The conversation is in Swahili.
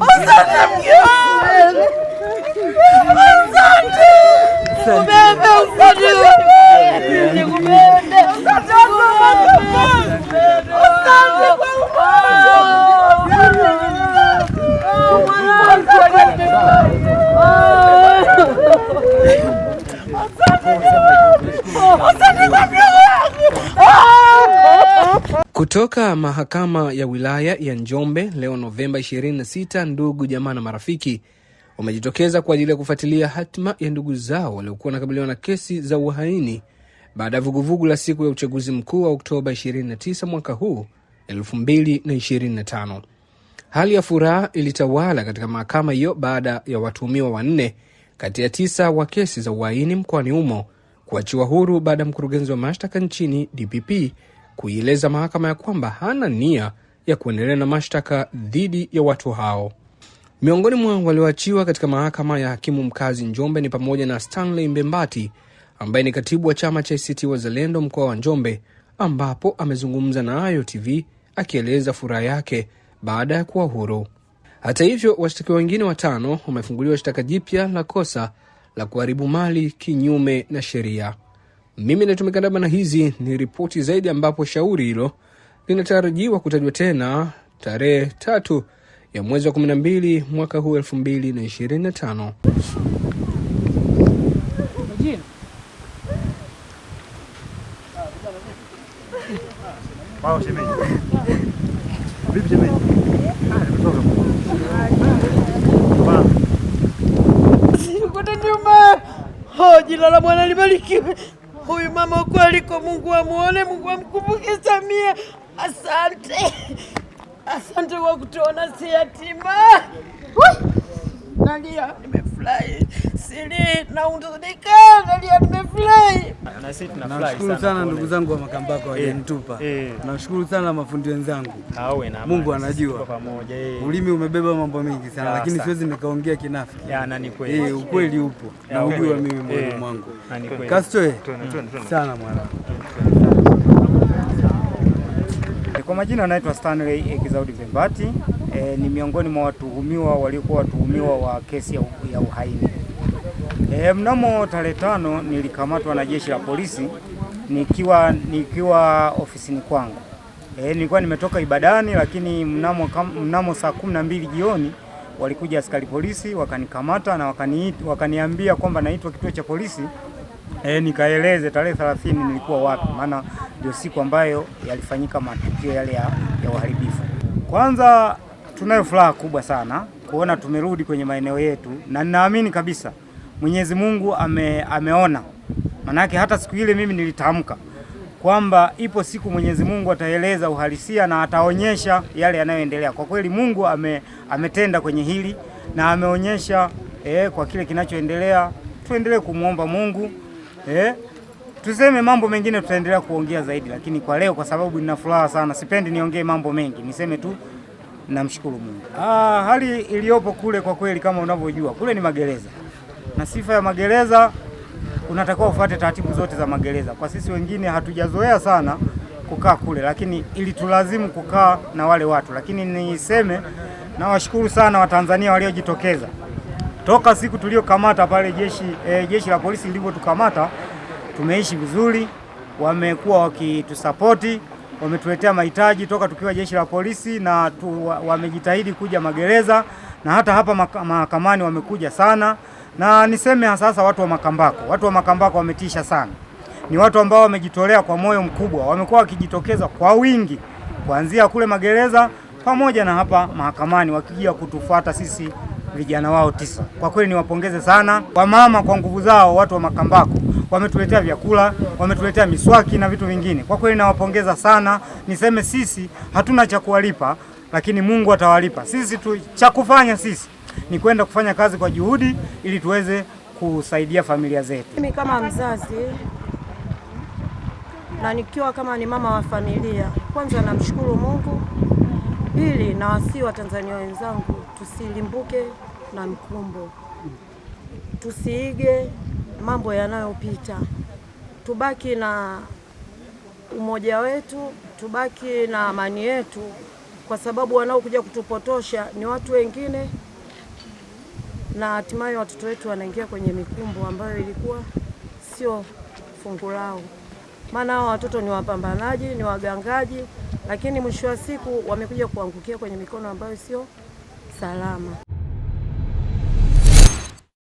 Ozan'ım gel. Ozan'ım. Ben ben Ozan'ım. Kutoka mahakama ya wilaya ya Njombe leo Novemba 26, ndugu jamaa na marafiki wamejitokeza kwa ajili ya kufuatilia hatima ya ndugu zao waliokuwa wanakabiliwa na kesi za uhaini baada ya vuguvugu la siku ya uchaguzi mkuu wa Oktoba 29 mwaka huu 225 Hali ya furaha ilitawala katika mahakama hiyo baada ya watuhumiwa wanne kati ya tisa wa kesi za uhaini mkoani humo kuachiwa huru baada ya mkurugenzi wa mashtaka nchini DPP kuieleza mahakama ya kwamba hana nia ya kuendelea na mashtaka dhidi ya watu hao. Miongoni mwa walioachiwa katika mahakama ya hakimu mkazi Njombe ni pamoja na Stanley Mbembati ambaye ni katibu wa chama cha ACT Wazalendo mkoa wa Njombe, ambapo amezungumza na Ayo TV akieleza furaha yake baada ya kuwa huru. Hata hivyo, washtakiwa wengine watano wamefunguliwa shtaka jipya la kosa la kuharibu mali kinyume na sheria. Mimi natumikandaba na hizi ni ripoti zaidi, ambapo shauri hilo linatarajiwa kutajwa tena tarehe tatu ya mwezi wa 12 mwaka huu 2025. Sikukuta nyuma. Oh, la Bwana libarikiwe. Huyu mama uko aliko, Mungu amuone, Mungu amkumbuke. Samia, asante, asante kwa kutuona si yatima. Nalia, nimefurahi asili nalia, nimefurahi. Nashukuru sana ndugu zangu wa Makambako wajanitupa. Eh, eh. Nashukuru sana mafundi wenzangu, Mungu anajua eh. ulimi umebeba mambo mengi sana, lakini siwezi nikaongea kinafiki. Eh, ukweli upo na ujua mimi moyoni mwangu. Kastoe sana mwanangu. Kwa majina anaitwa Stanley Kizaudi Vembati. E, ni miongoni mwa watuhumiwa waliokuwa watuhumiwa wa kesi ya uhaini. E, mnamo tarehe tano nilikamatwa na jeshi la polisi nikiwa nikiwa ofisini kwangu. E, nilikuwa nimetoka ibadani, lakini mnamo, mnamo saa kumi na mbili jioni walikuja askari polisi wakanikamata na wakani, wakaniambia kwamba naitwa kituo cha polisi e, nikaeleze tarehe 30 nilikuwa wapi, maana ndio siku ambayo yalifanyika matukio yale ya, ya uharibifu. Kwanza tunayo furaha kubwa sana kuona tumerudi kwenye maeneo yetu na ninaamini kabisa Mwenyezi Mungu ame, ameona. Manake hata siku ile mimi nilitamka kwamba ipo siku Mwenyezi Mungu ataeleza uhalisia na ataonyesha yale yanayoendelea. Kwa kweli Mungu ame, ametenda kwenye hili na ameonyesha eh, kwa kile kinachoendelea. Tuendelee kumwomba Mungu eh, tuseme mambo mengine, tutaendelea kuongea zaidi, lakini kwa leo, kwa sababu nina furaha sana, sipendi niongee mambo mengi, niseme tu namshukuru Mungu. Ah, hali iliyopo kule kwa kweli, kama unavyojua kule ni magereza na sifa ya magereza unatakiwa ufuate taratibu zote za magereza. Kwa sisi wengine hatujazoea sana kukaa kule, lakini ilitulazimu kukaa na wale watu. Lakini niseme na washukuru sana Watanzania waliojitokeza toka siku tuliokamata pale jeshi, eh, jeshi la polisi lilivyotukamata. Tumeishi vizuri, wamekuwa wakitusapoti, wametuletea mahitaji toka tukiwa jeshi la polisi na tu, wamejitahidi kuja magereza na hata hapa mahakamani wamekuja sana. Na niseme hasahasa watu wa Makambako, watu wa Makambako wametisha sana, ni watu ambao wamejitolea kwa moyo mkubwa, wamekuwa wakijitokeza kwa wingi kuanzia kule magereza pamoja na hapa mahakamani wakija kutufuata sisi vijana wao tisa. Kwa kweli niwapongeze sana wamama kwa nguvu zao. Watu wa Makambako wametuletea vyakula, wametuletea miswaki na vitu vingine. Kwa kweli nawapongeza sana. Niseme sisi hatuna cha kuwalipa, lakini Mungu atawalipa. Sisi tu cha kufanya sisi ni kwenda kufanya kazi kwa juhudi ili tuweze kusaidia familia zetu. Mimi kama mzazi na nikiwa kama ni mama wa familia, kwanza namshukuru Mungu, pili na wasii wa Tanzania wenzangu tusilimbuke na mkumbo, tusiige mambo yanayopita, tubaki na umoja wetu, tubaki na amani yetu, kwa sababu wanaokuja kutupotosha ni watu wengine na hatimaye watoto wetu wanaingia kwenye mikumbo ambayo ilikuwa sio fungu lao, maana hao watoto ni wapambanaji, ni wagangaji, lakini mwisho wa siku wamekuja kuangukia kwenye mikono ambayo sio salama.